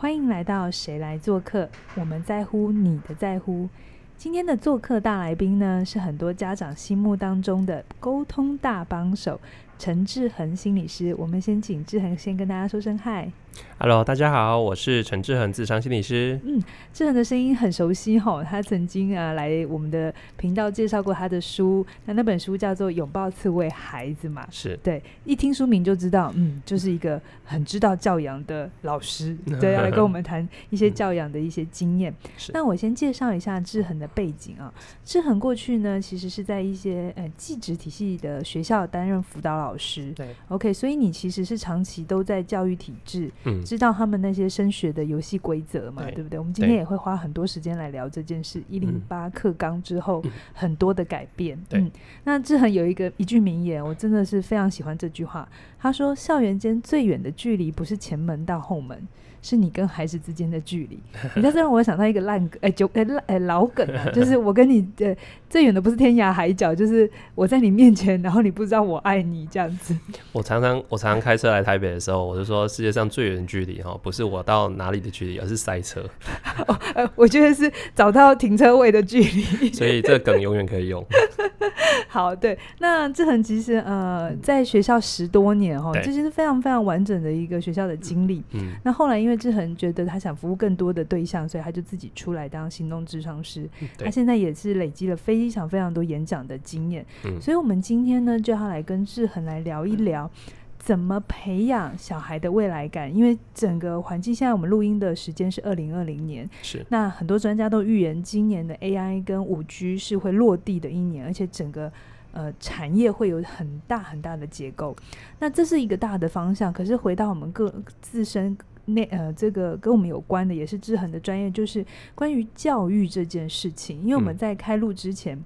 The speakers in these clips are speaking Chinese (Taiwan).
歡迎來到誰來做客我們在乎你的在乎。今天的做客大來賓呢，是很多家長心目當中的溝通大幫手。陳志恆心理師，我們先請志恆先跟大家說聲嗨。Hello，大家好，我是陳志恆，諮商心理師。嗯，志恆的聲音很熟悉吼，哦，他曾經啊來我們的頻道介紹過他的書，那那本書叫做《擁抱刺蝟孩子》嘛，是。對，一聽書名就知道，嗯，就是一個很知道教養的老師，對，啊，要來跟我們談一些教養的一些經驗、 嗯。那我先介紹一下志恆的背景啊，志恆過去呢其實是在一些呃技職體系的學校擔任輔導老師。老師，對，OK，所以你其實是長期都在教育體制，嗯、知道他們那些升學的遊戲規則嘛，對，對不對？我們今天也會花很多時間來聊這件事。一零八課綱之後很多的改變，嗯，嗯嗯，那志恆有一個一句名言，我真的是非常喜歡這句話。他說：“校園間最遠的距離不是前門到後門。”是你跟孩子之間的距離。你倒是讓我想到一個爛梗，哎、 呃，哎、呃呃，老梗啊，就是我跟你的、呃、最遠的不是天涯海角，就是我在你面前，然後你不知道我愛你這樣子。我常常我常常開車來台北的時候，我就說世界上最遠的距離，哈，不是我到哪裡的距離，而是塞車 、哦呃。我覺得是找到停車位的距離。 所以這個梗永遠可以用。 好，對，那志恆其實呃，在學校十多年哦，這是非常非常完整的一個學校的經歷。嗯，那後來因為志恆覺得他想服務更多的對象，所以他就自己出來當行動諮商師。他現在也是累積了非常非常多演講的經驗。所以我們今天呢，就要來跟志恆來聊一聊。嗯怎麼培養小孩的未來感？因為整個環境現在，我們錄音的時間是二零二零年，是那很多專家都預言，今年的 AI 跟五 G 是會落地的一年，而且整個呃產業會有很大很大的結構。那這是一個大的方向。可是回到我們各自身內呃，這個跟我們有關的也是志恆的專業，就是關於教育這件事情。因為我們在開錄之前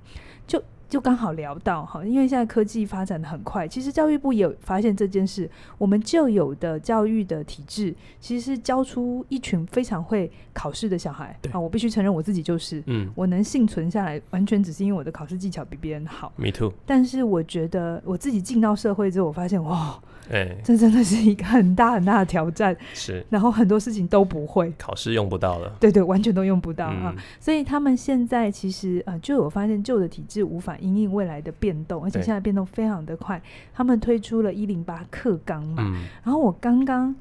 就。嗯就就剛好聊到哈，因為現在科技發展的很快，其實教育部也有發現這件事，我們舊有的教育的體制，其實是教出一群非常會考試的小孩。對啊，我必須承認我自己就是，嗯，我能幸存下來，完全只是因為我的考試技巧比別人好。Me too。但是我覺得我自己進到社會之後，我發現哇。哦欸、這真的是一個很大很大的挑戰。是，然後很多事情都不會，考試用不到了。對，對對，完全都用不到哈、嗯啊。所以他們現在其實呃，就我發現舊的體制無法因應未來的變動，而且現在變動非常的快。欸、他們推出了一零八課綱嘛、嗯，然後我剛剛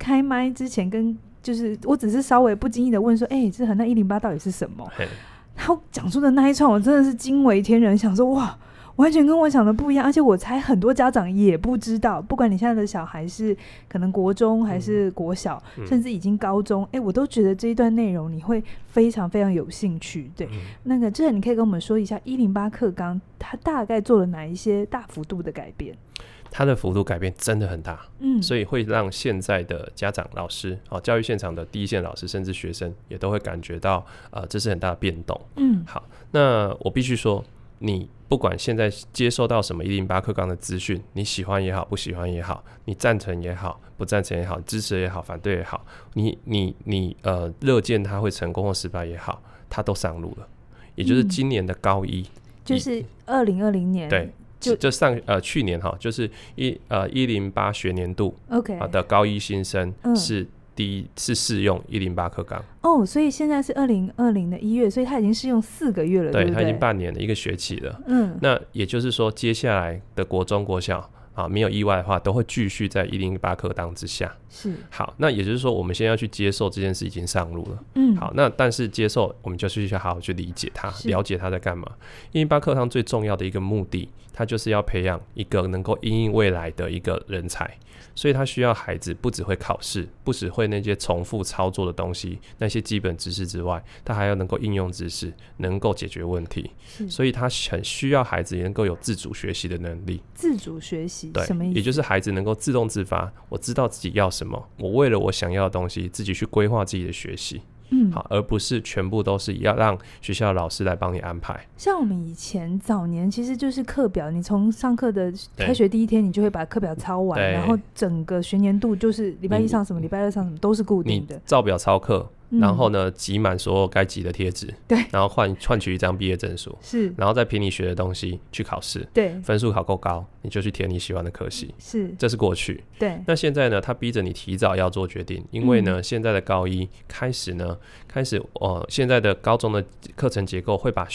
開麥之前跟就是，我只是稍微不經意的問說，哎、欸，志恆，那一零八到底是什麼？他、欸、講出的那一串，我真的是驚為天人，想說哇。完全跟我想的不一樣，而且我猜很多家長也不知道。不管你現在的小孩是可能國中還是國小、嗯，甚至已經高中，哎、嗯欸，我都覺得這一段內容你會非常非常有興趣。對，嗯、那個，之前你可以跟我們說一下一零八課綱它大概做了哪一些大幅度的改變？它的幅度改變真的很大，嗯，所以會讓現在的家長、老師、哦、教育現場的第一線老師，甚至學生也都會感覺到，呃，這是很大的變動。嗯，好，那我必須說你。不管現在接收到什麼一零八課綱的資訊，你喜歡也好，不喜歡也好，你贊成也好，不贊成也好，支持也好，反對也好，你你你呃，樂見他會成功或失敗也好，他都上路了。也就是今年的高一，嗯、就是二零二零年對，就就上呃去年哈，就是一呃一零八學年度 OK 啊的高一新生是。第一次試用一零八課綱哦，所以現在是二零二零的一月，所以它已經試用四個月了，對不對？對，它已經半年了，一個學期了。嗯，那也就是說，接下來的國中、國小。啊，沒有意外的話，都會繼續在一零八課綱之下。是，好，那也就是說，我們先要去接受這件事已經上路了。嗯，好，那但是接受，我們就去去好好去理解它，了解他在幹嘛。一零八課綱最重要的一個目的，它就是要培養一個能夠因應未來的一個人才，所以它需要孩子不只會考試，不只會那些重複操作的東西，那些基本知識之外，他還要能夠應用知識，能夠解決問題。所以他很需要孩子能夠有自主學習的能力。自主學習。對，什麼意思？也就是孩子能夠自動自發，我知道自己要什麼，我為了我想要的東西，自己去規劃自己的學習，嗯，好，而不是全部都是要讓學校的老師來幫你安排。像我們以前早年，其實就是課表，你從上課的開學第一天，你就會把課表抄完，然後整個學年度就是禮拜一上什麼，禮拜二上什麼都是固定的，照表抄課。然後呢，集滿所有該集的貼紙，嗯，對，然後換換取一張畢業證書，是，然後再憑你學的東西去考試，對，分數考夠高，你就去填你喜歡的科系，是，這是過去。對，那現在呢？他逼着你提早要做決定，因為呢，嗯、現在的高一開始呢，開始哦、呃，現在的高中的課程結構會把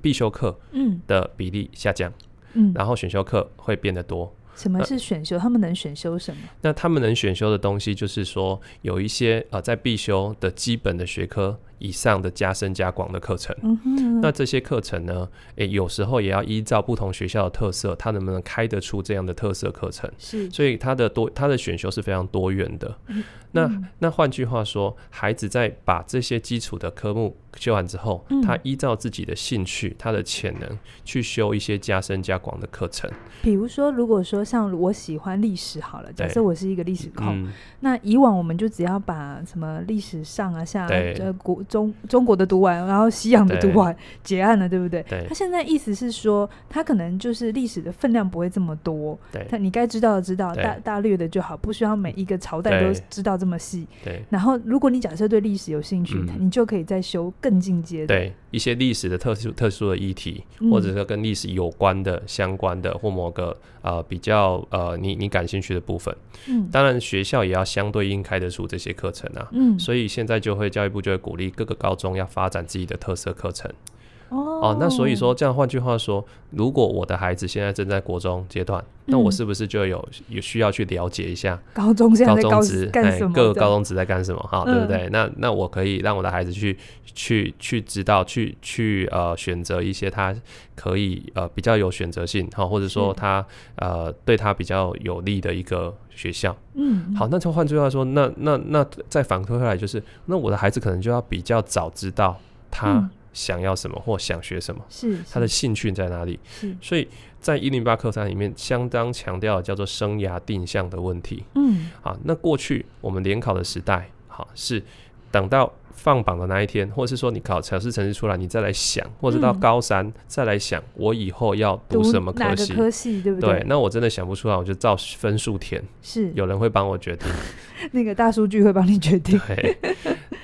必修課嗯的比例下降嗯，嗯，然後選修課會變得多。什麼是選修？呃，他們能選修什麼？那他們能選修的東西，就是說有一些啊，在必修的基本的學科。以上的加深加廣的課程，嗯哼嗯哼，那這些課程呢？誒、欸，有時候也要依照不同學校的特色，他能不能開得出這樣的特色課程？是，所以他的多，他的選修是非常多元的。嗯、那、嗯、那換句話說，孩子在把這些基礎的科目修完之後，他、嗯、依照自己的興趣、他的潛能去修一些加深加廣的課程。比如說，如果說像我喜歡歷史，好了，假設我是一個歷史控、嗯，那以往我們就只要把什麼歷史上啊、下呃、啊、古。中中國的讀完，然後西洋的讀完，結案了，對不對？對，他現在意思是說，他可能就是歷史的分量不會這麼多。對，他你該知道的知道，大大略的就好，不需要每一個朝代都知道這麼細。然後如果你假設對歷史有興趣，嗯，你就可以再修更進階的。一些歷史的特殊特殊的議題，或者說跟歷史有關的、嗯、相關的或某個、呃、比較呃你你感興趣的部分、嗯，當然學校也要相對應開得出這些課程啊、嗯，所以現在就會教育部就會鼓勵各個高中要發展自己的特色課程。哦、oh. 呃，那所以說這樣，換句話說，如果我的孩子現在正在國中階段，嗯、那我是不是就有有需要去了解一下高中高中，在在高高中職哎，各個高中職在幹什麼？高中哈，對不對？嗯、那那我可以讓我的孩子去去去知道，去去呃選擇一些他可以呃比較有選擇性哈，或者說他、嗯、呃對他比較有利的一個學校。嗯，好，那就換句話說，那那那，那再反推回來，就是那我的孩子可能就要比較早知道他、嗯。想要什麼或想學什麼，是，是他的興趣在哪裡？是，所以在一零八課綱裡面相當強調叫做生涯定向的問題。嗯，好，那過去我們聯考的時代，好，是等到放榜的那一天，或是說你考考試成績出來，你再來想，或是到高三、嗯、再來想，我以後要讀什麼科系？科系？對不對，對？那我真的想不出來，我就照分數填。是，有人會幫我決定， 那個大數據會幫你決定。對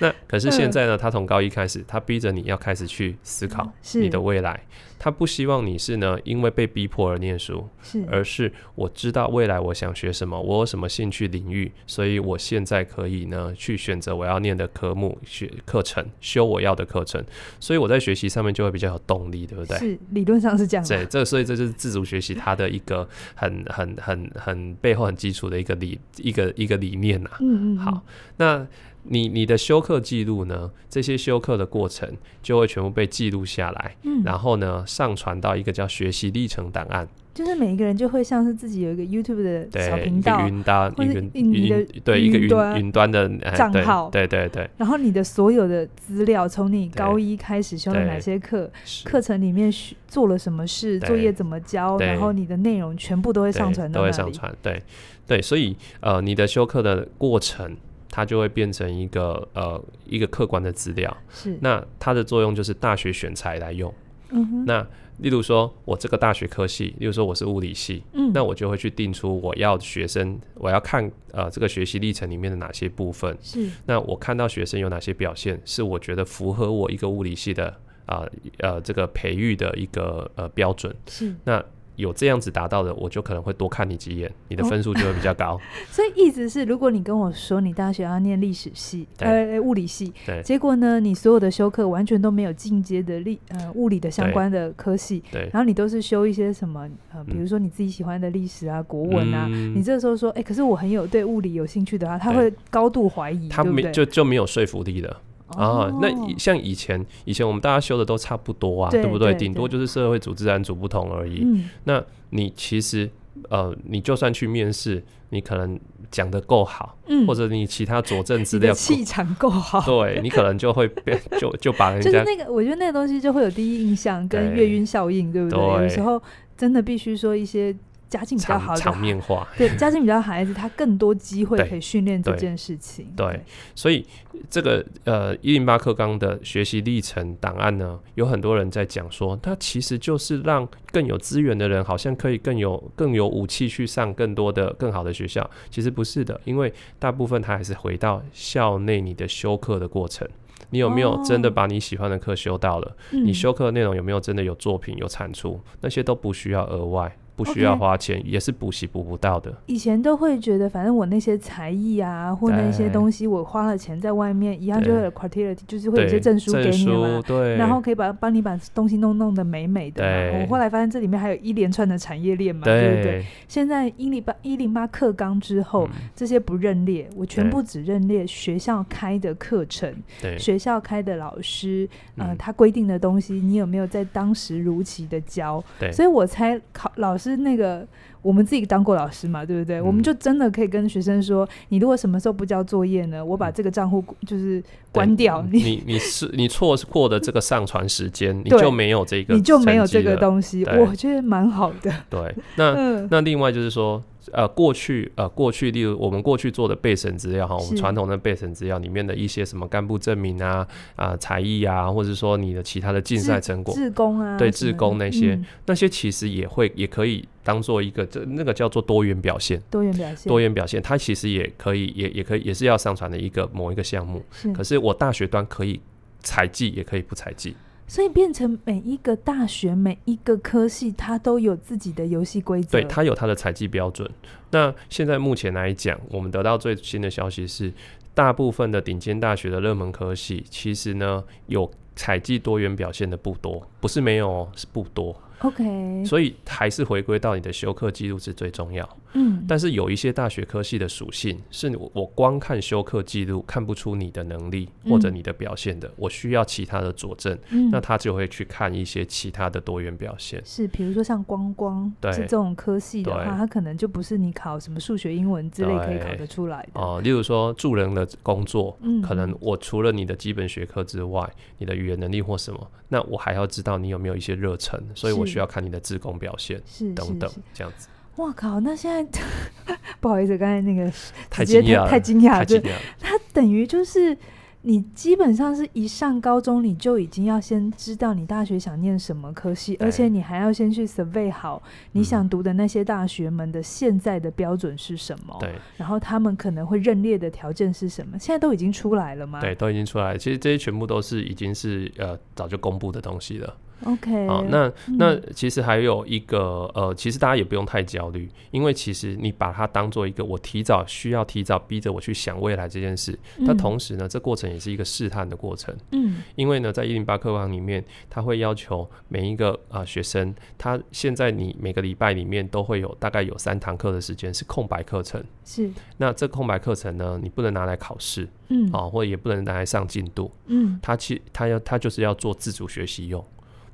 那可是現在呢，嗯、他從高一開始，他逼着你要開始去思考你的未來。他不希望你是呢，因為被逼迫而念書，而是我知道未來我想學什麼，我有什麼興趣領域，所以我現在可以呢，去選擇我要念的科目、學課程、修我要的課程，所以我在學習上面就會比較有動力，對不對？是，理論上是這樣、啊。對，這所以這就是自主學習他的一個很、很、很、很、很背後很基礎的一個理、一個一個理念吶、啊嗯嗯嗯。好，那。你你的修課記錄呢？這些修課的過程就會全部被記錄下來，嗯，然後呢上傳到一個叫學習歷程檔案，就是每一個人就會像是自己有一個 YouTube 的小頻道，對雲雲或雲端，的對一個雲雲端的賬號對，對對對。然後你的所有的資料，從你高一開始修了哪些課，課程裡面學做了什麼事，作業怎麼交，然後你的內容全部都會上傳到，都會上傳，對對。所以呃，你的修課的過程。它就會變成一個呃一個客觀的資料，是。那它的作用就是大學選才來用，嗯。那例如說我這個大學科系，例如說我是物理系，嗯，那我就會去定出我要學生，我要看呃這個學習歷程裡面的哪些部分是。那我看到學生有哪些表現是我覺得符合我一個物理系的啊呃，呃這個培育的一個呃標準是。那有這樣子達到的，我就可能會多看你幾眼，你的分數就會比較高。哦、 所以意思是，如果你跟我說你大學要念歷史系、呃、物理系，結果呢，你所有的修課完全都沒有進階的歷呃物理的相關的科系，然後你都是修一些什麼呃，比如說你自己喜歡的歷史啊、嗯、國文啊，你這時候說，哎、欸，可是我很有對物理有興趣的啊，他會高度懷疑，對不對？他、欸、就就沒有說服力的。啊、uh, oh.，那像以前，以前我們大家修的都差不多啊，對，對不對？頂多就是社會組、自然組不同而已、嗯。那你其實，呃，你就算去面試，你可能講得夠好、嗯，或者你其他佐證資料你氣場夠好，對你可能就會被就就把人家就是那個，我覺得那個東西就會有第一印象跟月暈效應，對，對不對，對？有時候真的必須說一些。家境比較好的，場面化對。家境比較好的孩子，他更多機會可以訓練這件事情。對，對對對，所以這個呃一零八課綱的學習歷程檔案呢，有很多人在講說，它其實就是讓更有資源的人，好像可以更有更有武器去上更多的更好的學校。其實不是的，因為大部分他還是回到校內你的修課的過程。你有沒有真的把你喜歡的課修到了？哦嗯、你修課的內容有沒有真的有作品有產出？那些都不需要額外。不需要花錢，okay, 也是補習補不到的。以前都會覺得，反正我那些才藝啊，或那些東西，我花了錢在外面一樣，就會有 quality，就是會有些證書給你嘛，對。然後可以把幫你把東西弄弄得美美的嘛。我後來發現這裡面還有一連串的產業鏈嘛，對不對,對,對？現在一零八一零八課綱之後，嗯，這些不認列，我全部只認列學校開的課程，對。學校開的老師，呃，他規定的東西，你有沒有在當時如期的教？對。所以我才考老師。是那個，我們自己當過老師嘛，對不對，嗯？我們就真的可以跟學生說，你如果什麼時候不交作業呢？我把這個賬戶就是關掉你，你你是你錯過的這個上傳時間， 你就沒有這個，你就沒有這個東西，我覺得蠻好的。對，那，嗯，那另外就是說。呃，過去呃，過去，例如我們過去做的備審資料哈，我們傳統的備審資料裡面的一些什麼幹部證明啊、啊、呃、才藝啊，或者說你的其他的競賽成果、志工啊，對志工那些、嗯、那些其實也會也可以當做一個這那個叫做多元表現，多元表現多元表現，它其實也可以也也可以也是要上傳的一個某一個項目，可是我大學端可以採計也可以不採計。所以變成每一個大學、每一個科系，它都有自己的遊戲規則。對，它有它的採計標準。那現在目前來講，我們得到最新的消息是，大部分的頂尖大學的熱門科系，其實呢，有採計多元表現的不多，不是沒有哦，是不多。OK，所以還是回歸到你的修課紀錄是最重要。嗯，但是有一些大學科系的屬性是我光看修課紀錄看不出你的能力或者你的表現的，嗯，我需要其他的佐證。嗯，那他就會去看一些其他的多元表現。是，比如說像光光，對，是這種科系的話，他可能就不是你考什麼數學、英文之類可以考得出來的。哦、呃，例如說助人的工作，嗯，可能我除了你的基本學科之外，你的語言能力或什麼，那我還要知道你有沒有一些熱忱，所以我需要看你的志工表現，是，是，是等等這樣子。我靠，那現在 不好意思，剛才那個接太驚訝，太驚訝，太，了太了等於就是你基本上是一上高中，你就已經要先知道你大學想念什麼科系，而且你還要先去 survey 好你想讀的那些大學們的現在的標準是什麼，對、嗯，然後他們可能會認列的條件是什麼？現在都已經出來了嗎？對，都已經出來了。其實這些全部都是已經是呃早就公布的東西了。OK，、哦、那那其實還有一個、嗯、呃，其實大家也不用太焦慮，因為其實你把它當做一個我提早需要提早逼着我去想未來這件事。那、嗯、同時呢，這過程也是一個試探的過程。嗯，因為呢，在一零八課綱裡面，他會要求每一個啊、呃、學生，他現在你每個禮拜裡面都會有大概有三堂課的時間是空白課程。是，那這空白課程呢，你不能拿來考試，嗯，啊、哦，或者也不能拿來上進度，嗯，他其他要他就是要做自主學習用。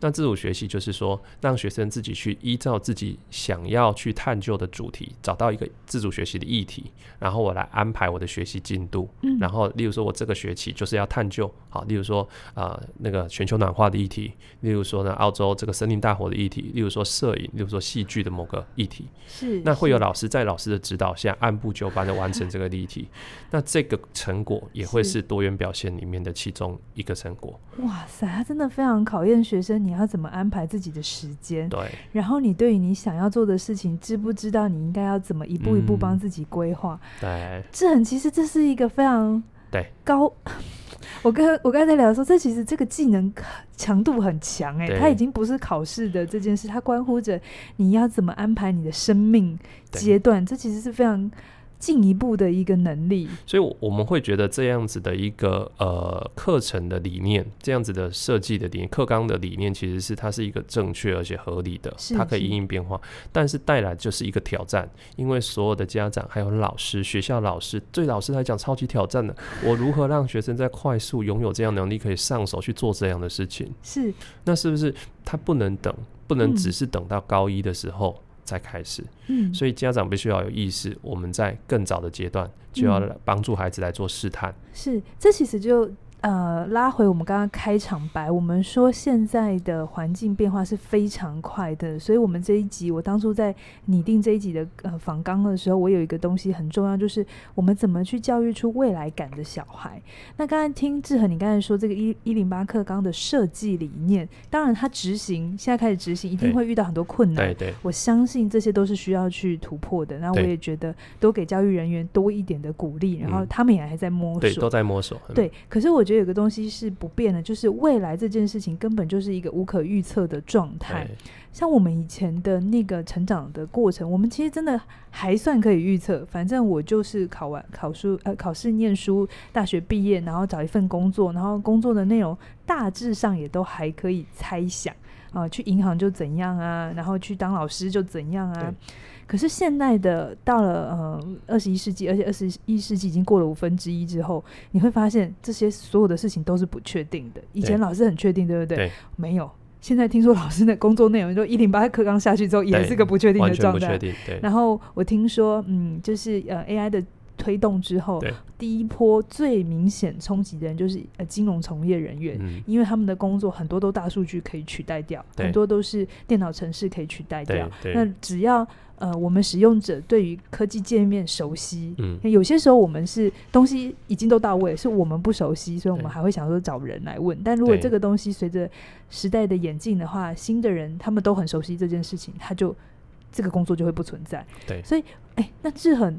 那自主學習就是說，讓學生自己去依照自己想要去探究的主題，找到一個自主學習的議題，然後我來安排我的學習進度。嗯。然後，例如說，我這個學期就是要探究，好，例如說，啊，那個全球暖化的議題，例如說呢，澳洲這個森林大火的議題，例如說攝影，例如說戲劇的某個議題。是。那會有老師在老師的指導下，按部就班的完成這個議題。那這個成果也會是多元表現裡面的其中一個成果。哇塞，他真的非常考驗學生。你你要怎麼安排自己的時間？對，然後你對於你想要做的事情，知不知道你應該要怎麼一步一步幫自己規劃？嗯、對，這很其實，這是一個非常對高。對 我剛我剛才聊說，這其實這個技能強度很強、欸，哎，它已經不是考試的這件事，它關乎着你要怎麼安排你的生命階段，這其實是非常。進一步的一個能力，所以我們會覺得這樣子的一個呃課程的理念，這樣子的設計的理念，課綱的理念，其實是它是一個正確而且合理的是是，它可以因應變化，但是帶來就是一個挑戰，因為所有的家長還有老師，學校老師，對老師來講超級挑戰的，我如何讓學生在快速擁有這樣的能力，可以上手去做這樣的事情？是，那是不是他不能等，不能只是等到高一的時候？嗯才開始，所以家長必須要有意識，我們在更早的階段就要幫助孩子來做試探。嗯，是，這其實就。呃，拉回我們剛剛開場白，我們說現在的環境變化是非常快的，所以，我們這一集我當初在擬定這一集的呃訪綱的時候，我有一個東西很重要，就是我們怎麼去教育出未來感的小孩。那剛才聽志恆，你剛才說這個一一零八課綱的設計理念，當然他執行現在開始執行，一定會遇到很多困難。對對，對，我相信這些都是需要去突破的。那我也覺得多給教育人員多一點的鼓勵，然後他們也還在摸索，對，都在摸索。對，可是我。我覺得有個東西是不變的，就是未來這件事情根本就是一個無可預測的狀態。哎。像我們以前的那個成長的過程，我們其實真的還算可以預測。反正我就是考完考書呃考試、念書、大學畢業，然後找一份工作，然後工作的內容大致上也都還可以猜想啊。去銀行就怎樣啊，然後去當老師就怎樣啊。可是現在的，到了呃二十一世紀，而且二十一世紀已經過了五分之一之後，你會發現這些所有的事情都是不確定的。以前老師很確定，對，對不對，對？沒有。現在聽說老師的工作內容說一零八課綱下去之後也是個不確定的狀態。對不對？然後我聽說嗯就是呃 AI 的推動之後，第一波最明顯衝擊的人就是呃金融從業人員、嗯，因為他們的工作很多都大數據可以取代掉，很多都是電腦程式，可以取代掉。那只要呃我們使用者對於科技界面熟悉，嗯、有些時候我們是東西已經都到位，是我們不熟悉，所以我們還會想說找人來問。但如果這個東西隨着時代的演進的話，新的人他們都很熟悉這件事情，他就這個工作就會不存在。對，所以哎、欸，那志恆。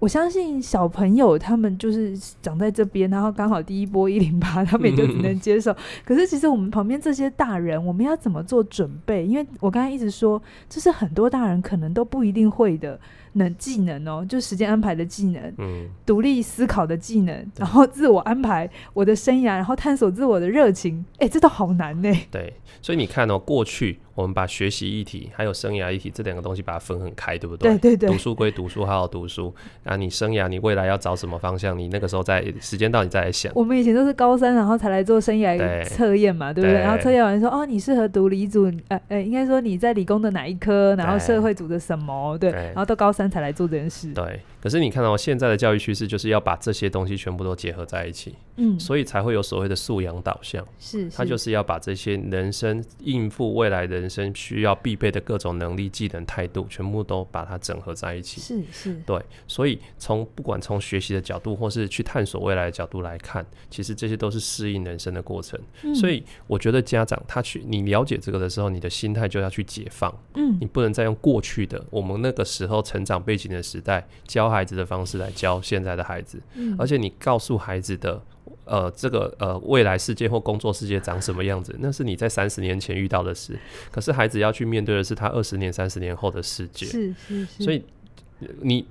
我相信小朋友他們就是長在這邊，然後剛好第一波一零八，他們也就只能接受。 可是其實我們旁邊這些大人，我們要怎麼做準備？因為我剛才一直說，這、就是很多大人可能都不一定會的。能技能哦，就時間安排的技能，嗯，獨立思考的技能，然後自我安排我的生涯，然後探索自我的熱情，哎，這都好難呢。對，所以你看哦，過去我們把學習議題、還有生涯議題，這兩個東西把它分很開，對不對？對對對。讀書歸讀書，好好讀書。然後你生涯，你未來要找什麼方向？你那個時候在時間到你再來想。我們以前都是高三然後才來做生涯一個測驗嘛，對，對不對？然後測驗完說哦，你適合讀理組，呃呃，應該說你在理工的哪一科？然後社會組的什麼？對，對然後到高三。才來做這件事，對。可是你看到，喔、現在的教育趨勢，就是要把這些東西全部都結合在一起，嗯，所以才會有所謂的素養導向，是，是，他就是要把這些人生應付未來人生需要必備的各種能力、技能、態度，全部都把它整合在一起，是是，對。所以從不管從學習的角度，或是去探索未來的角度來看，其實這些都是適應人生的過程。嗯，所以我覺得家長他去你了解這個的時候，你的心態就要去解放，嗯，你不能再用過去的我們那個時候成長，長背景的時代，教孩子的方式來教現在的孩子，嗯、而且你告訴孩子的，呃，這個呃未來世界或工作世界長什麼樣子，那是你在三十年前遇到的事。可是孩子要去面對的是他二十年、三十年後的世界，是是是。所以你。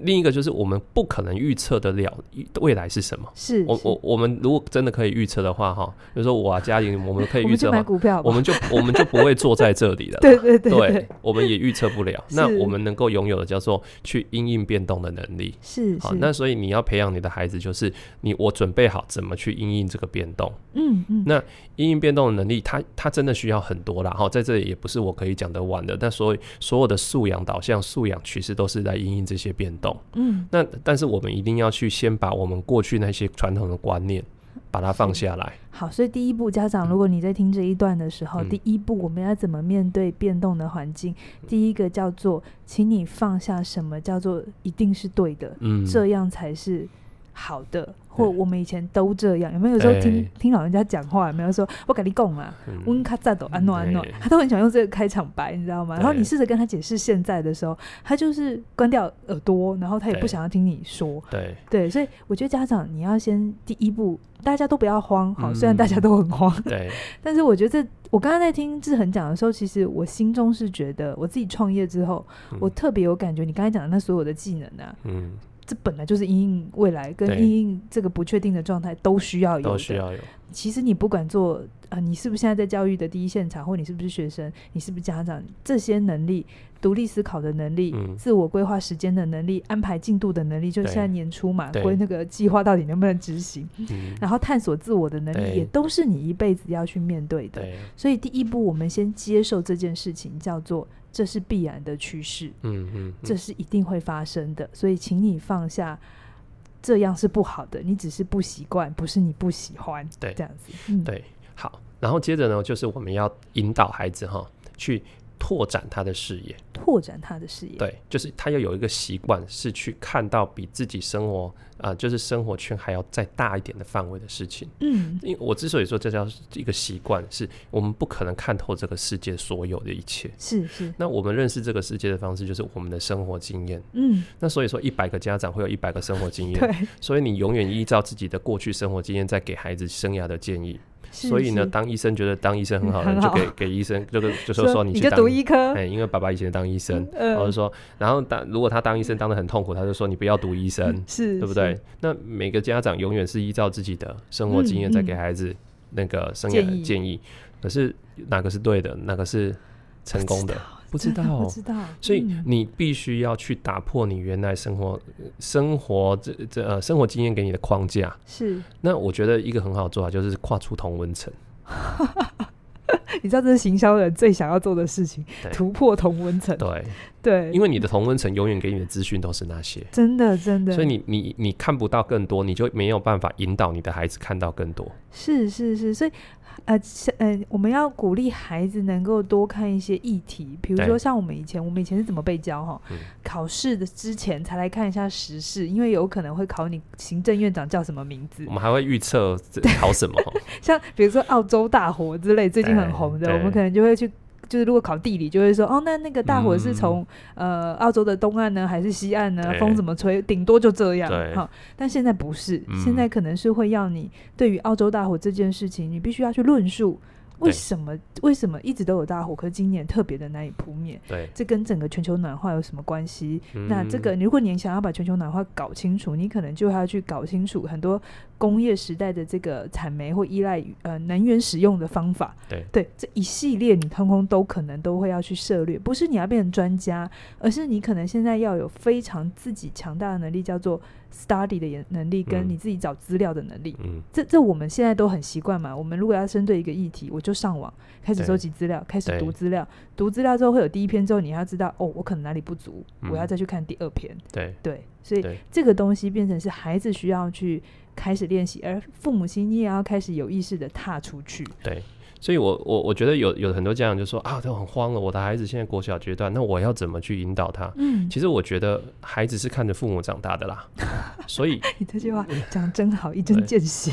另一個就是我們不可能預測得了未來是什麼。是,是我，我我我們如果真的可以預測的話，哈，比如說我、啊、家裡我們可以預測嗎？股票，我們就, 我,們就我們就不會坐在這裡了。 對,對,對對對，我們也預測不了。那我們能夠擁有的叫做去因應變動的能力。是是好。那所以你要培養你的孩子，就是你我準備好怎麼去因應這個變動。嗯嗯。那因應變動的能力它，它他真的需要很多啦哈，在這裡也不是我可以講得完的。但所以所有的素養導向素養其實都是在因應這些變動。動，嗯，那但是我們一定要去先把我們過去那些傳統的觀念，把它放下來。嗯，好，所以第一步，家長，如果你在聽這一段的時候，嗯，第一步我們要怎麼面對變動的環境？嗯，第一個叫做，請你放下什麼叫做一定是對的，嗯，這樣才是好的。嗯。或我們以前都這樣，有沒有時候聽聽老人家講話？有沒有說“我跟你講啊，溫卡戰鬥安諾安諾”，他都很喜歡用這個開場白，你知道嗎？然後你試着跟他解釋現在的時候，他就是關掉耳朵，然後他也不想要聽你說。對對，對，所以我覺得家長你要先第一步，大家都不要慌，好、嗯，雖然大家都很慌，對，但是我覺得這我剛剛在聽志恆講的時候，其實我心中是覺得，我自己創業之後，嗯、我特別有感覺。你剛才講的那所有的技能呢、啊？嗯。這本來就是因應未來跟因應這個不確定的狀態都需要有，需要有。其實你不管做啊、呃，你是不是現在在教育的第一現場，或你是不是學生，你是不是家長，這些能力、獨立思考的能力、嗯、自我規劃時間的能力、安排進度的能力，就現在年初嘛，歸那個計劃到底能不能執行，然後探索自我的能力、嗯，也都是你一輩子要去面對的。對，所以第一步，我們先接受這件事情，叫做。這是必然的趨勢，嗯嗯，嗯，這是一定會發生的。所以，請你放下，這樣是不好的。你只是不習慣，不是你不喜歡。對，嗯，這樣子，對，嗯，對，好。然後接着呢，就是我們要引導孩子哈，去。拓展他的視野，拓展他的視野。對，就是他要有一個習慣，是去看到比自己生活啊、呃，就是生活圈還要再大一點的範圍的事情。嗯，因為我之所以說這叫一個習慣，是我們不可能看透這個世界所有的一切。是是。那我們認識這個世界的方式，就是我們的生活經驗。嗯。那所以說，一百個家長會有一百個生活經驗。對。所以你永遠依照自己的過去生活經驗，在給孩子生涯的建議。所以呢，當醫生覺得當醫生很好，是是嗯、很好就給給醫生就是就說說你去當你讀醫科、欸，因為爸爸以前當醫生，嗯，呃、說，然後當如果他當醫生當的很痛苦，他就說你不要讀醫生，是，是，對不對？那每個家長永遠是依照自己的生活經驗在給孩子嗯嗯那個生涯的建議，建議，可是哪個是對的，哪個是成功的？不知道，不知道，所以你必須要去打破你原來生活、嗯、生活這這、呃、生活經驗給你的框架。是，那我覺得一個很好做法就是跨出同溫層。 你知道，這是行銷人最想要做的事情——突破同溫層。對。對，因為你的同溫層永遠給你的資訊都是那些，真的真的。所以你你你看不到更多，你就沒有辦法引導你的孩子看到更多。是是是，所以呃呃，我們要鼓勵孩子能夠多看一些議題，比如說像我們以前，我們以前是怎麼被教哈、哦嗯？考試的之前才來看一下時事，因為有可能會考你行政院長叫什麼名字。我們還會預測考什麼，像比如說澳洲大火之類，最近很紅的，我們可能就會去。就是如果考地理，就會說哦，那那個大火是從、嗯、呃澳洲的東岸呢，還是西岸呢？風怎麼吹？頂多就這樣，對，但現在不是、嗯，現在可能是會要你對於澳洲大火這件事情，你必須要去論述。為什麼為什麼一直都有大火？可是今年特別的難以撲滅。對，這跟整個全球暖化有什麼關係？嗯。那這個，如果你想要把全球暖化搞清楚，你可能就要去搞清楚很多工業時代的這個產煤或依賴於呃能源使用的方法。對對，這一系列你通通都可能都會要去涉獵。不是你要變成專家，而是你可能現在要有非常自己強大的能力，叫做 study 的能力跟你自己找資料的能力，嗯、這這我們現在都很習慣嘛。我們如果要針對一個議題，我就上網開始收集資料，開始讀資料，讀資料之後會有第一篇之後，你要知道哦，我可能哪裡不足，我要再去看第二篇。嗯、對對，所以這個東西變成是孩子需要去開始練習，而父母親你也要開始有意識地踏出去。對。所以我，我我我覺得有有很多家長就說啊，都很慌了。我的孩子現在國小階段，那我要怎麼去引導他？嗯，其實我覺得孩子是看着父母長大的啦。 所以你這句話講得真好，一針見血。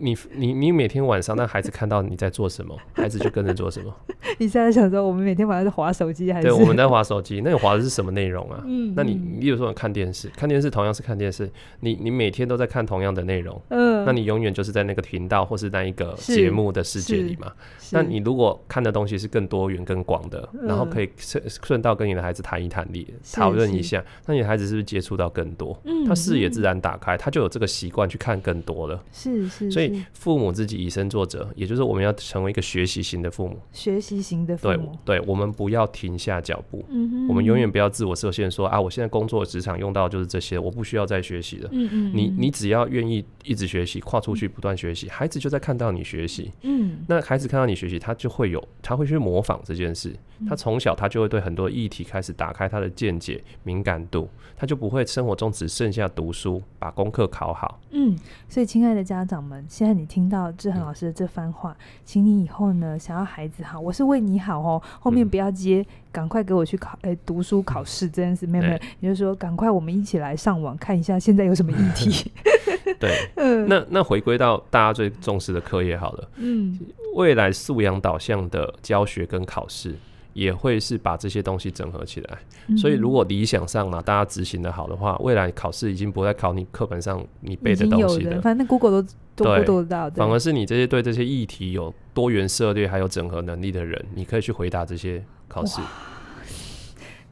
你你你，你每天晚上讓孩子看到你在做什麼， 孩子就跟着做什麼。 你現在想說，我們每天晚上是滑手機還是？對，我們在滑手機。那你滑的是什麼內容啊？嗯，那你你有時候看電視，看電視同樣是看電視，你你每天都在看同樣的內容，嗯、呃，那你永遠就是在那個頻道或是那一個節目的世界裡嘛。那你如果看的東西是更多元更、更廣的，然後可以順順道跟你的孩子談一談，的討論一下，那你的孩子是不是接觸到更多？嗯。他視野自然打開，他就有這個習慣去看更多了。是是。所以父母自己以身作則，也就是我們要成為一個學習型的父母。學習型的父母。對對，我們不要停下腳步。嗯，我們永遠不要自我設限說，說啊，我現在工作職場用到就是這些，我不需要再學習了。嗯。你你只要願意一直學習，跨出去不斷學習，孩子就在看到你學習。嗯。那孩子。看到你學習，他就會有，他會去模仿這件事。嗯、他從小，他就會對很多議題開始打開他的見解敏感度，他就不會生活中只剩下讀書，把功課考好。嗯，所以親愛的家長們，現在你聽到志恆老師的這番話，嗯，請你以後呢，想要孩子好，我是為你好哦，後面不要接，趕、嗯、快給我去考，誒、欸。讀書考試真的是沒有、嗯欸，你就說趕快，我們一起來上網看一下，現在有什麼議題。呵呵 對，嗯、那那回歸到大家最重視的課業好了，嗯，未來。在素養導向的教學跟考試，也會是把這些東西整合起來。嗯、所以，如果理想上呢、啊，大家執行的好的話，未來考試已經不再考你課本上你背的東西了的。反正 Google 都讀得到，對。反而是你這些對這些議題有多元涉獵還有整合能力的人，你可以去回答這些考試。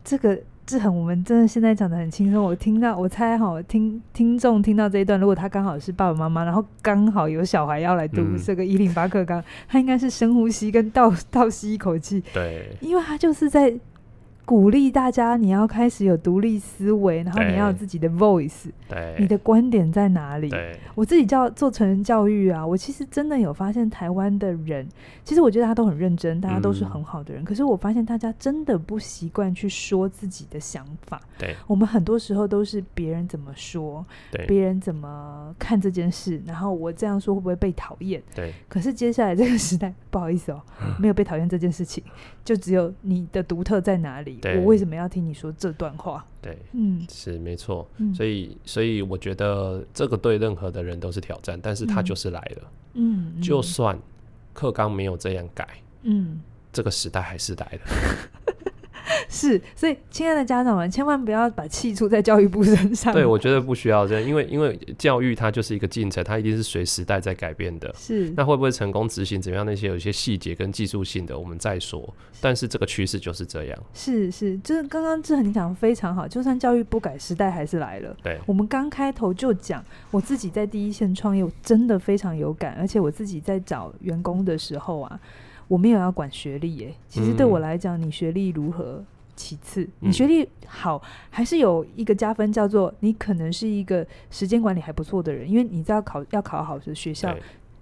這個。是很，我們真的現在講得很輕鬆。我聽到，我猜哈，聽聽眾聽到這一段，如果他剛好是爸爸媽媽，然後剛好有小孩要來讀這、嗯、個一零八課綱，他應該是深呼吸跟倒倒吸一口氣，對，因為他就是在。鼓勵大家，你要開始有獨立思維，然後你要有自己的 voice，對你的觀點在哪裡？對我自己叫做成人教育啊，我其實真的有發現，台灣的人其實我覺得他都很認真，大家都是很好的人，嗯、可是我發現大家真的不習慣去說自己的想法。對，我們很多時候都是別人怎麼說，對，別人怎麼看這件事，然後我這樣說會不會被討厭？對，可是接下來這個時代，不好意思哦，沒有被討厭這件事情。 就只有你的獨特在哪裡？我為什麼要聽你說這段話？對，嗯，是沒錯，嗯。所以，所以我覺得這個對任何的人都是挑戰，但是他就是來了。嗯，就算課綱沒有這樣改，嗯，嗯，這個時代還是來的來了。嗯 是，所以親愛的家長們，千萬不要把氣出在教育部身上。對，我覺得不需要這樣，因為因為教育它就是一個進程，它一定是隨時代在改變的。是，那會不會成功執行？怎麼樣？那些有一些細節跟技術性的，我們再說。是，但是這個趨勢就是這樣。是是，就是剛剛志恆你講的非常好。就算教育不改，時代還是來了。對，我們剛開頭就講，我自己在第一線創業，我真的非常有感。而且我自己在找員工的時候啊。我沒有要管學歷誒，其實對我來講、嗯，你學歷如何其次，你學歷好還是有一個加分，叫做你可能是一個時間管理還不錯的人，因為你要考要考好的學校，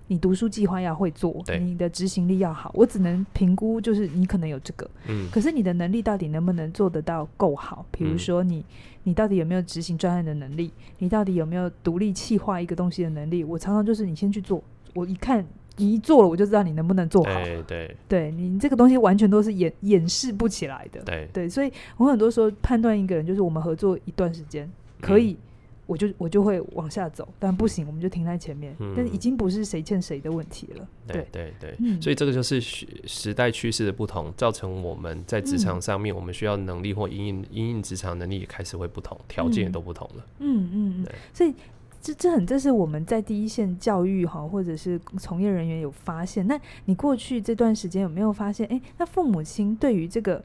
你讀書計劃要會做，對你的執行力要好。我只能評估就是你可能有這個，嗯，可是你的能力到底能不能做得到夠好？比如說你、嗯、你到底有沒有執行專案的能力？你到底有沒有獨立企劃一個東西的能力？我常常就是你先去做，我一看。你一做了，我就知道你能不能做好。對、欸、對，對你這個東西完全都是掩掩飾不起來的。對對，所以我很多時候判斷一個人，就是我們合作一段時間可以，嗯、我就我就會往下走；但不行，嗯、我們就停在前面。嗯、但是已經不是誰欠誰的問題了。對對對，對、嗯。所以這個就是時代趨勢的不同，造成我們在職場上面、嗯，我們需要能力或因應、因應職場能力也開始會不同，條件也都不同了。嗯嗯。對、嗯。所以。這這很這是我們在第一線教育哈，或者是從業人員有發現。那你過去這段時間有沒有發現？哎，那父母親對於這個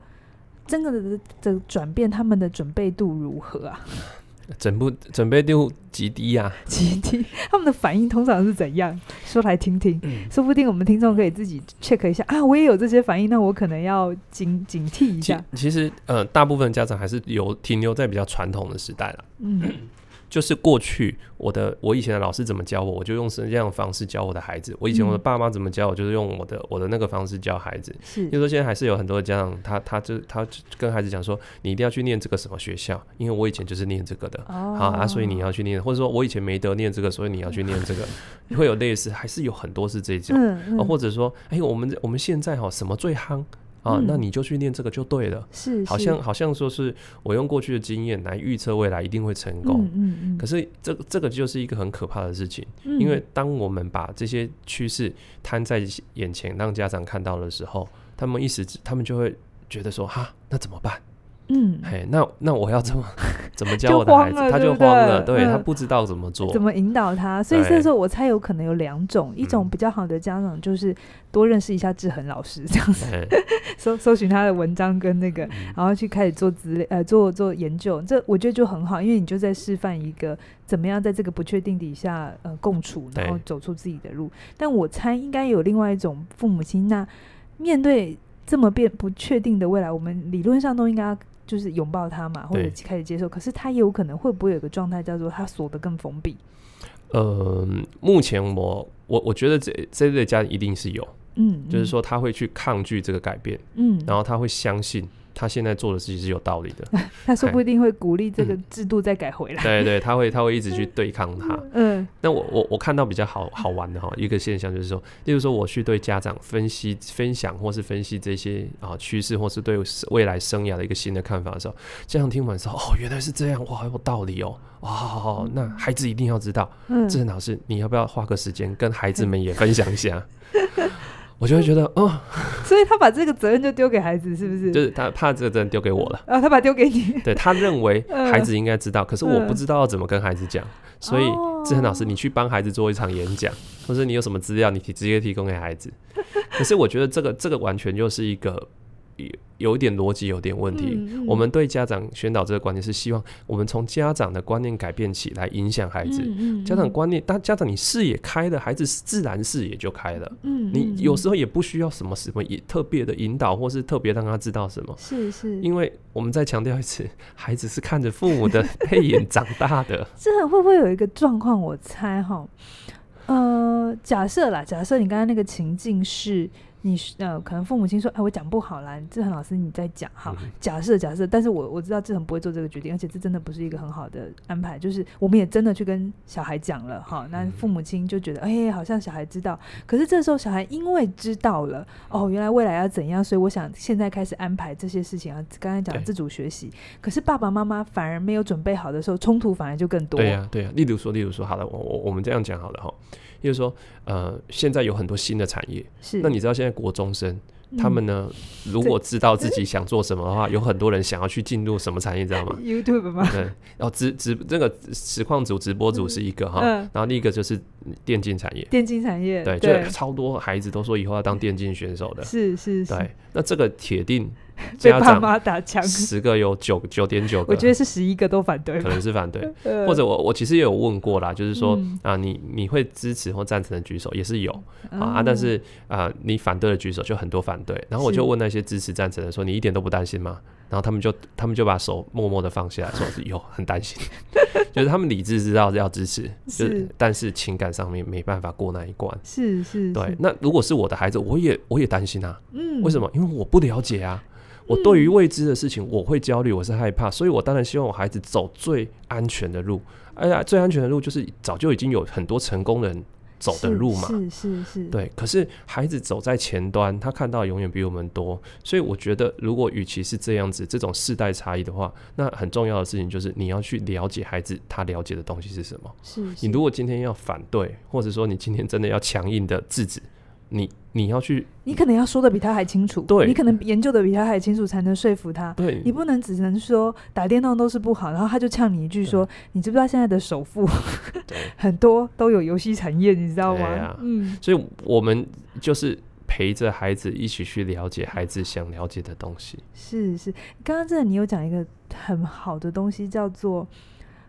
真的的這轉變，他們的準備度如何啊？整不準備度極低呀，啊，極低。他們的反應通常是怎樣？說來聽聽，嗯、說不定我們聽眾可以自己 check 一下啊。我也有這些反應，那我可能要警警惕一下。其，其實呃，大部分家長還是有停留在比較傳統的時代了，啊。嗯。就是過去我的我以前的老師怎麼教我，我就用這樣的方式教我的孩子。我以前我的爸媽怎麼教我，就是用我的我的那個方式教孩子。是、嗯，就是說，現在還是有很多的家長，他他就他就跟孩子講說，你一定要去念這個什麼學校，因為我以前就是念這個的，啊、哦、啊，所以你要去念，或者說我以前沒得念這個，所以你要去念這個，會有類似，還是有很多是這種嗯嗯啊，或者說，哎、欸，我們我們現在哈、喔，什麼最夯？啊，那你就去念這個就對了。是、嗯，好像好像說是我用過去的經驗來預測未來一定會成功。嗯，嗯，嗯。可是這這個就是一個很可怕的事情，因為當我們把這些趨勢攤在眼前，讓家長看到的時候，他們一時他們就會覺得說，哈，那怎麼辦？嗯，hey, 那那我要怎麼 怎麼教我的孩子？就他就慌了，對，不對，對、嗯、他不知道怎麼做，怎麼引導他？所以這時候我猜有可能有兩種、嗯，一種比較好的家長就是多認識一下志恆老師這樣子，嗯、搜搜尋他的文章跟那個、嗯，然後去開始做資料，呃，做做研究，這我覺得就很好，因為你就在示範一個怎麼樣在這個不確定底下呃共處，然後走出自己的路、嗯嗯。但我猜應該有另外一種父母親，那面對這麼變不確定的未來，我們理論上都應該要。就是擁抱他嘛，或者開始接受，可是他也有可能會不會有一個狀態叫做他鎖得更封閉？呃，目前我我我覺得這這類家庭一定是有，嗯，就是說他會去抗拒這個改變，嗯，然後他會相信。他現在做的事情是有道理的， 他說不一定會鼓勵這個制度再改回來。哎嗯、對對，他會他會一直去對抗他。嗯，那、嗯嗯、我我我看到比較好好玩的哈，一個現象就是說，例如說我去對家長分析，分，析分享，或是分析這些啊趨勢，或是對未來生涯的一個新的看法的時候，家長聽完說：“哦，原來是這樣，哇，好有道理哦，哇、哦，那孩子一定要知道。”嗯，志恆老師，你要不要花個時間跟孩子們也分享一下？嗯 我就會覺得哦，所以他把這個責任就丟給孩子，是不是？就是他怕這個責任丟給我了啊？他把丟給你， 對，他認為孩子應該知道、呃，可是我不知道要怎麼跟孩子講、呃，所以志恆老師，你去幫孩子做一場演講、哦，或者你有什麼資料，你提直接提供給孩子。可是我覺得這個這個完全就是一個。有一點邏輯有點問題、嗯嗯。我們對家長宣導這個觀念是希望我們從家長的觀念改變起來，影響孩子、嗯嗯。家長觀念，當家長你視野開了，孩子自然視野就開了。嗯，嗯你有時候也不需要什麼什麼也特別的引導，或是特別讓他知道什麼。是是，因為我們再強調一次，孩子是看着父母的背影長大的。 這會不會有一個狀況？我猜哈，呃，假設啦，假設你剛剛那個情境是。你呃，可能父母親說，哎，我講不好啦，志恆老師，你再講哈、嗯。假設假設，但是我我知道志恆不會做這個決定，而且這真的不是一個很好的安排。就是我們也真的去跟小孩講了哈，那父母親就覺得，哎，好像小孩知道。可是這時候小孩因為知道了，哦，原來未來要怎樣，所以我想現在開始安排這些事情啊。剛剛講自主學習，可是爸爸媽媽反而沒有準備好的時候，衝突反而就更多。對呀、啊、對呀、啊，例如說例如說，好了，我我我們這樣講好了哈。就是說，呃，現在有很多新的產業。是。那你知道現在國中生、嗯、他們呢，如果知道自己想做什麼的話，有很多人想要去進入什麼產業， 你知道嗎？YouTube 嘛。對。然、哦、後直直那、這個實況主，直播主是一個哈、嗯、呃，然後另一個就是電競產業。電競產業對。對，就超多孩子都說以後要當電競選手的。是是，是對，那這個鐵定。被爸媽打槍，十個有九九點九個， 我覺得是十一個都反對，可能是反對， 對或者我我其實也有問過啦，就是說、嗯、啊，你你會支持或贊成的舉手也是有、嗯、啊但是啊你反對的舉手就很多反對，然後我就問那些支持贊成的說你一點都不擔心嗎？然後他們就他們就把手默默的放下來， 說是有很擔心， 就是他們理智知道要支持， 就是但是情感上面沒辦法過那一關，是是,是，對。是是那如果是我的孩子，我也我也擔心啊，嗯，為什麼？因為我不了解啊。我對於未知的事情，嗯、我會焦慮，我是害怕，所以，我當然希望我孩子走最安全的路。哎呀，最安全的路就是早就已經有很多成功的人走的路嘛，是是是，是。對，可是孩子走在前端，他看到永遠比我們多，所以我覺得，如果與其是這樣子，這種世代差異的話，那很重要的事情就是你要去了解孩子他了解的東西是什麼。是，是你如果今天要反對，或者說你今天真的要強硬的制止。你你要去，你可能要說的比他還清楚，對，你可能研究的比他還清楚，才能說服他。對，你不能只能說打電動都是不好，然後他就嗆你一句說：“你知不知道現在的首富， 很多都有遊戲產業，你知道嗎？對啊，”嗯，所以我們就是陪着孩子一起去了解孩子想了解的東西。是是，剛剛真的你有講一個很好的東西，叫做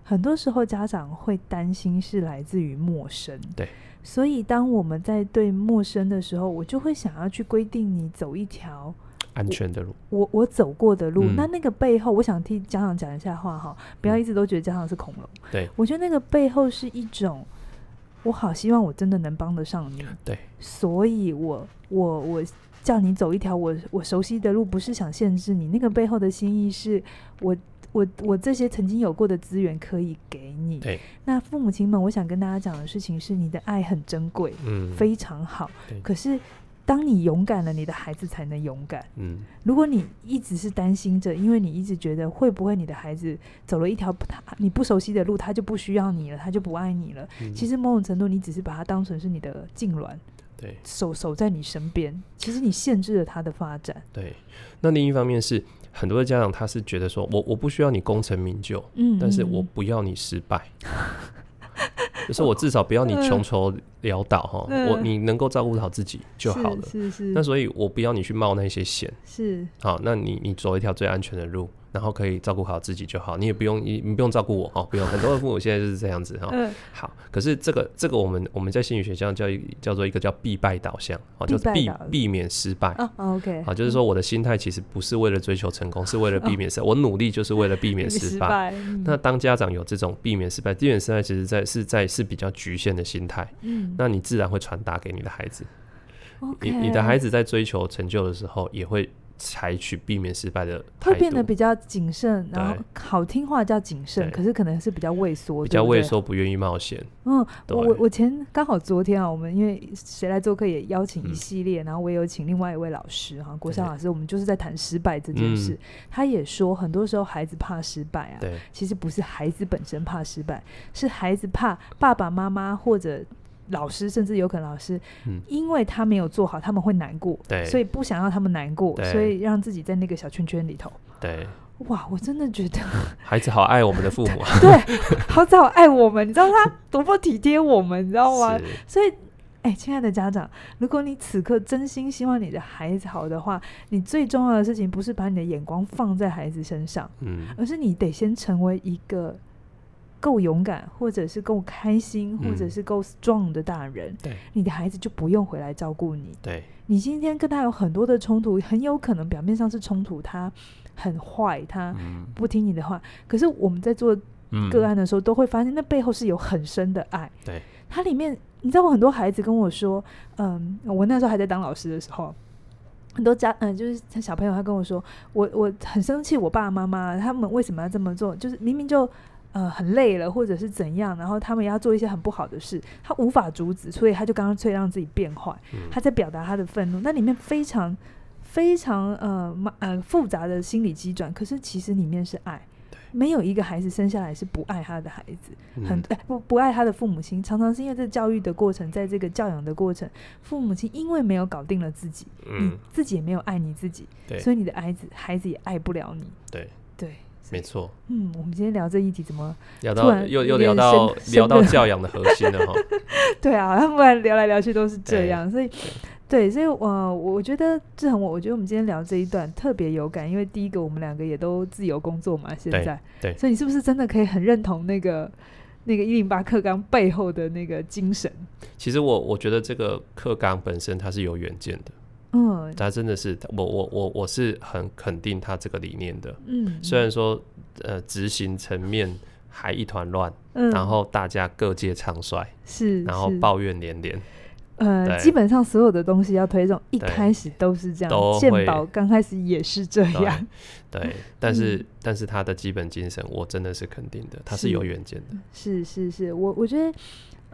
很多時候家長會擔心是來自於陌生，對。所以，當我們在對陌生的時候，我就會想要去規定你走一條安全的路。我我走過的路，嗯，那那個背後，我想替家長講一下話哈，不要一直都覺得家長是恐龍，嗯。對，我覺得那個背後是一種，我好希望我真的能幫得上你。對，所以我我我叫你走一條我我熟悉的路，不是想限制你，那個背後的心意是我。我我這些曾經有過的資源可以給你。對。那父母親們，我想跟大家講的事情是：你的愛很珍貴，嗯，非常好。對。可是，當你勇敢了，你的孩子才能勇敢。嗯。如果你一直是擔心着，因為你一直覺得會不會你的孩子走了一條他你不熟悉的路，他就不需要你了，他就不愛你了。嗯。其實某種程度，你只是把他當成是你的禁臠，對，守守在你身邊，其實你限制了他的發展。對。那另一方面是。很多的家長他是覺得說，我我不需要你功成名就，嗯嗯，但是我不要你失敗，嗯嗯 就是我至少不要你窮愁潦倒哈，我、哦哦哦、你能夠照顧好自己就好了，是是，是。那所以我不要你去冒那些險，是，是。好，那你你走一條最安全的路。然後可以照顧好自己就好，你也不用，你不用照顧我哦，不用。很多的父母現在就是這樣子哈。 好，可是這個這個我們我們在心理學上叫叫做一個叫避敗導向啊、哦，就是、避避免失敗。哦、okay 啊，OK。就是說我的心態其實不是為了追求成功，哦、是為了避免失敗、哦。我努力就是為了避免失敗， 失敗、嗯。那當家長有這種避免失敗、避免失敗，其實在是在是比較侷限的心態。嗯。那你自然會傳達給你的孩子。Okay、你你的孩子在追求成就的時候也會，採取避免失敗的態度，會變得比較謹慎，然後好聽話叫謹慎，可是可能是比較畏縮，比較畏縮，不願意冒險。嗯，我我前剛好昨天啊，我們因為誰來作客也邀請一系列、嗯，然後我也有請另外一位老師哈、啊，國勝老師，我們就是在談失敗這件事。嗯、他也說，很多時候孩子怕失敗啊，對，其實不是孩子本身怕失敗，是孩子怕爸爸媽媽或者。老師甚至有可能老師、嗯，因為他沒有做好，他們會難過，對，所以不想要他們難過，所以讓自己在那個小圈圈裡頭。對，哇，我真的覺得孩子好愛我們的父母、啊， 對， 孩子好愛我們，你知道他多麼體貼我們， 你知道嗎？所以，哎，親愛的家長，如果你此刻真心希望你的孩子好的話，你最重要的事情不是把你的眼光放在孩子身上，嗯，而是你得先成為一個。夠勇敢，或者是夠開心，或者是夠 strong 的大人、嗯，對，你的孩子就不用回來照顧你。對，你今天跟他有很多的衝突，很有可能表面上是衝突，他很壞，他不聽你的話。嗯、可是我們在做個案的時候、嗯，都會發現那背後是有很深的愛。對，他裡面，你知道，我很多孩子跟我說，嗯，我那時候還在當老師的時候，很多家，嗯、呃，就是小朋友他跟我說，我我很生氣，我爸爸媽媽他們為什麼要這麼做？就是明明就。呃，很累了，或者是怎樣，然後他們要做一些很不好的事，他無法阻止，所以他就乾脆讓自己變壞、嗯，他在表達他的憤怒。那裡面非常非常呃呃複雜的心理機轉，可是其實裡面是愛。對，沒有一個孩子生下來是不愛他的孩子，嗯、很、哎、不不愛他的父母親，常常是因為這教育的過程，在這個教養的過程，父母親因為沒有搞定了自己，你、嗯嗯、自己也沒有愛你自己，所以你的孩子孩子也愛不了你。對對。沒錯，嗯，我們今天聊這一集怎麼聊到又又聊到聊到教養的核心了哈 吼。 對啊，他們聊來聊去都是這樣，所以對，所以我、呃、我覺得，志恆，我我覺得我們今天聊這一段特別有感，因為第一個我們兩個也都自由工作嘛，現在對，對，所以你是不是真的可以很認同那個那個一零八課綱背後的那個精神？其實我我覺得這個課綱本身它是有遠見的。嗯，他真的是，我我我我是很肯定他這個理念的。嗯，雖然說，呃，執行層面還一團亂，嗯，然後大家各界唱衰，是、嗯，然後抱怨連連。是是呃，基本上所有的東西要推動一開始都是這樣，健保剛開始也是這樣。對，對嗯、對但是，嗯、但是他的基本精神，我真的是肯定的，他是有遠見的是。是是是，我我覺得。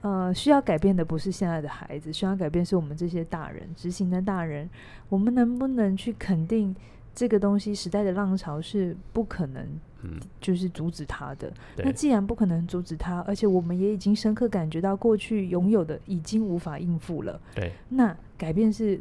呃，需要改變的不是現在的孩子，需要改變是我們這些大人，執行的大人。我們能不能去肯定這個東西？時代的浪潮，是不可能，就是阻止他的。嗯，那既然不可能阻止他，而且我們也已經深刻感覺到過去擁有的已經無法應付了。對，那改變是。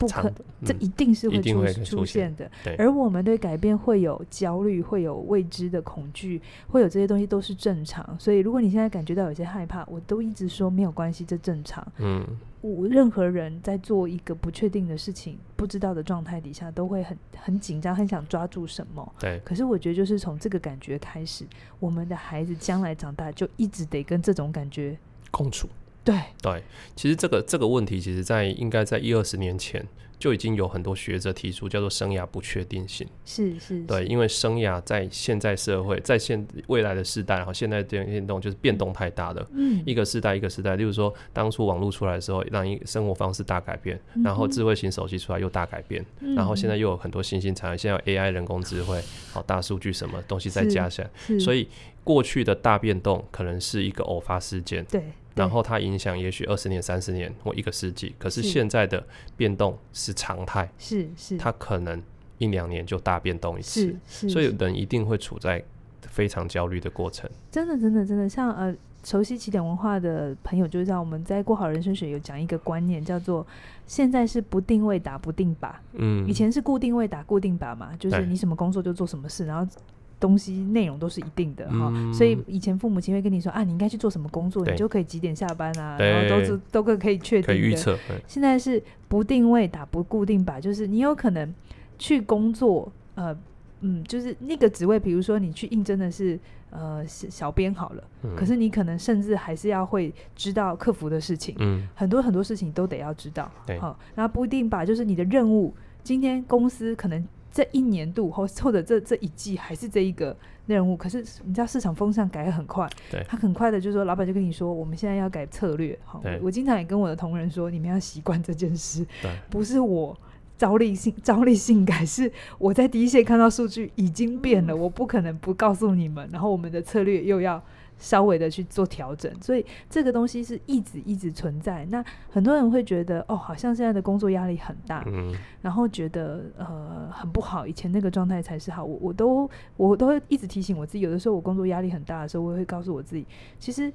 不可，這一定是會出、嗯、會出現的出現。對。而我們對改變會有焦慮，會有未知的恐懼，會有這些東西都是正常。所以，如果你現在感覺到有些害怕，我都一直說沒有關係，這正常。嗯，我任何人在做一個不確定的事情、不知道的狀態底下，都會很很緊張，很想抓住什麼。對。可是我覺得，就是從這個感覺開始，我們的孩子將來長大，就一直得跟這種感覺共處。對對，其實這個這個問題，其實在，在應該在一二十年前就已經有很多學者提出，叫做生涯不確定性。是是，對，因為生涯在現在社會，在現未來的世代，然後現在這種變動就是變動太大了。嗯。一個時代一個時代，例如說當初網絡出來的時候，讓一生活方式大改變、嗯；然後智慧型手機出來又大改變；嗯、然後現在又有很多新興產業，現在有 AI 人工智慧，好大數據什麼東西再加進來，所以過去的大變動可能是一個偶發事件。對。然後它影響也許二十年、三十年或一個世紀，可是現在的變動是常態，是是，它可能一兩年就大變動一次，所以人一定會處在非常焦慮的過程。真的，真的，真的，像呃，熟悉啟點文化的朋友就知道，就像我們在《過好人生》學有講一個觀念，叫做現在是不定位打不定靶，嗯，以前是固定位打固定靶嘛，就是你什麼工作就做什麼事，然後。東西內容都是一定的哈、嗯哦，所以以前父母親會跟你說啊，你應該去做什麼工作，你就可以幾點下班啊，然後都都可以確定的。可以預測。現在是不定位打不固定吧，就是你有可能去工作，呃，嗯，就是那個職位，比如說你去應徵的是呃是小編好了、嗯，可是你可能甚至還是要會知道客服的事情，嗯、很多很多事情都得要知道，好，那、哦、不一定吧，就是你的任務，今天公司可能。這一年度或或者這這一季還是這一個任務，可是你知道市場風向改很快，對，他很快的就說老板就跟你說我們現在要改策略我，我經常也跟我的同仁說你們要習慣這件事，對，不是我朝令夕、朝令夕改，是我在第一線看到數據已經變了、嗯，我不可能不告訴你們，然後我們的策略又要。稍微的去做調整，所以這個東西是一直一直存在。那很多人會覺得，哦，好像現在的工作壓力很大、嗯，然後覺得呃很不好，以前那個狀態才是好。我我都我都會一直提醒我自己，有的時候我工作壓力很大的時候，我也會告訴我自己，其實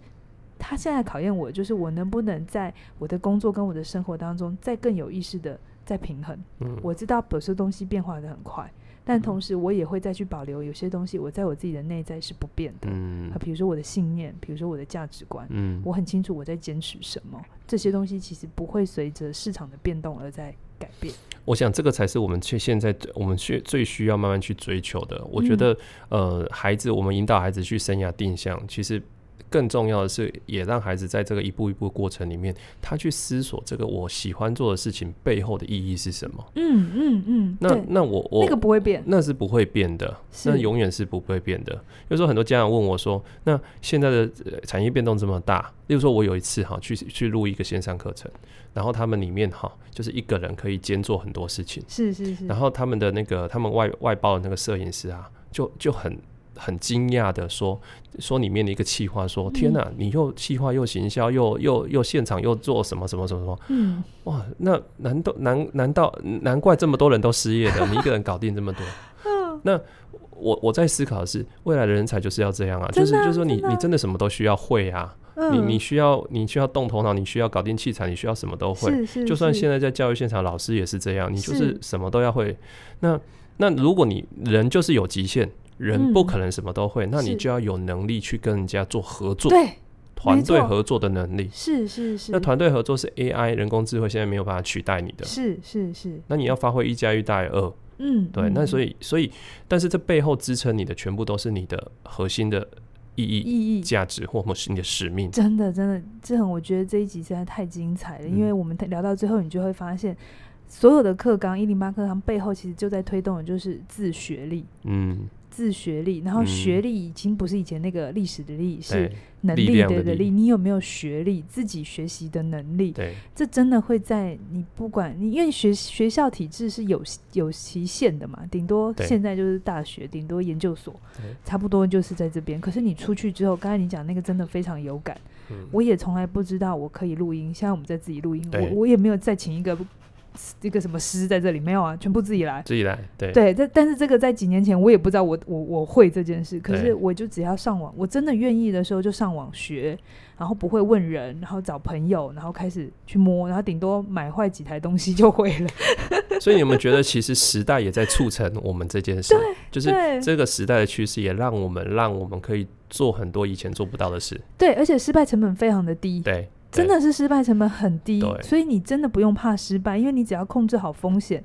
他現在考驗我，就是我能不能在我的工作跟我的生活當中，再更有意識的再平衡。嗯、我知道某些東西變化的很快。但同時，我也會再去保留有些東西，我在我自己的內在是不變的。嗯，比如說我的信念，比如說我的價值觀，嗯，我很清楚我在堅持什麼，這些東西其實不會隨着市場的變動而在改變。我想這個才是我們去現在我們去最需要慢慢去追求的。我覺得，嗯，呃，孩子，我們引導孩子去生涯定向，其實。更重要的是，也讓孩子在這個一步一步的過程裡面，他去思索這個我喜歡做的事情背後的意義是什麼。嗯嗯嗯。那那我我那個不會變，那是不會變的，那永遠是不會變的。有時候很多家長問我說：“那現在的、呃、產業變動這麼大，例如說我有一次哈、啊、去去錄一個線上課程，然後他們裡面哈、啊、就是一個人可以兼做很多事情，是是是。然後他們的那個他們外外包的那個攝影師啊，就就很。”很驚訝的說，說裡面的一個企劃，說天哪、啊，你又企劃又行銷又又又現場又做什麼什麼什麼什麼？嗯、哇，那難道難難道難怪這麼多人都失業的？你一個人搞定這麼多？ 嗯、那我我在思考的是，未來的人才就是要這樣啊，啊就是就是說你真、啊、你真的什麼都需要會啊，嗯、你你需要你需要動頭腦，你需要搞定器材，你需要什麼都會。是是是，就算現在在教育現場，老師也是這樣，你就是什麼都要會。那那如果你人就是有極限。人不可能什麼都會，嗯，那你就要有能力去跟人家做合作，對，團隊合作的能力是是是。那團隊合作是 AI 人工智慧現在沒有辦法取代你的，是是是。那你要發揮一加一大於二，嗯，對。那所以所以，但是這背後支撐你的全部都是你的核心的意義、意義、價值，或者是你的使命。真的真的，志恆，這很，我覺得這一集實在太精彩了，嗯，因為我們聊到最後，你就會發現所有的課綱一零八課綱背後其實就在推動的就是自學歷，嗯。自學歷，然後學歷已經不是以前那個歷史的歷、嗯，是能力，力的力。你有沒有學歷，自己學習的能力？這真的會在你不管你，因為學學校體制是有有期限的嘛，頂多現在就是大學，頂多研究所，差不多就是在這邊。可是你出去之後，剛才你講那個真的非常有感，嗯、我也從來不知道我可以錄音。現在我們在自己錄音，我我也沒有再請一個。一個什麼師？在這裡沒有啊，全部自己來，自己來對對，但但是這個在幾年前我也不知道我我我會這件事，可是我就只要上網，我真的願意的時候就上網學，然後不會問人，然後找朋友，然後開始去摸，然後頂多買壞幾台東西就會了。所以你們覺得，其實時代也在促成我們這件事？ 對對。就是這個時代的趨勢也讓我們讓我們可以做很多以前做不到的事。對，而且失敗成本非常的低。對。真的是失敗成本很低，所以你真的不用怕失敗，因為你只要控制好風險。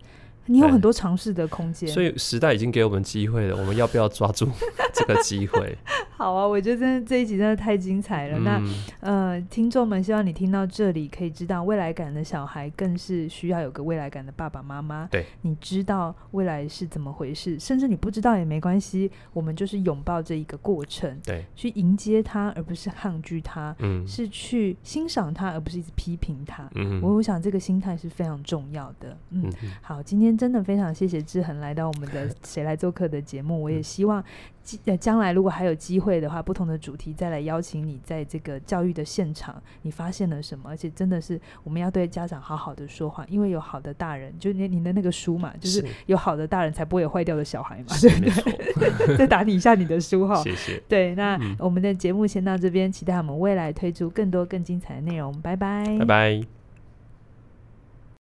你有很多嘗試的空間，所以時代已經給我們機會了。我們要不要抓住這個機會？ 好啊，我覺得真的這一集真的太精彩了。嗯、那呃，聽眾們，希望你聽到這裡可以知道，未來感的小孩更是需要有個未來感的爸爸媽媽。對，你知道未來是怎麼回事，甚至你不知道也沒關係。我們就是擁抱這一個過程，對，去迎接他，而不是抗拒他。嗯，是去欣賞他，而不是一直批評他。嗯，嗯，我我想這個心態是非常重要的。嗯，嗯嗯，好，今天。真的非常謝謝志恆來到我們的誰來作客的節目，嗯，我也希望，呃，將來如果還有機會的話，不同的主題再來邀請你，在這個教育的現場，你發現了什麼？而且真的是我們要對家長好好的說話，因為有好的大人，就你您的那個書嘛，就是有好的大人，才不會有壞掉的小孩嘛，是對不對，對？再 打理一下你的書哈。謝謝。對，那我們的節目先到這邊，期待我們未來推出更多更精彩的內容，拜拜，拜拜。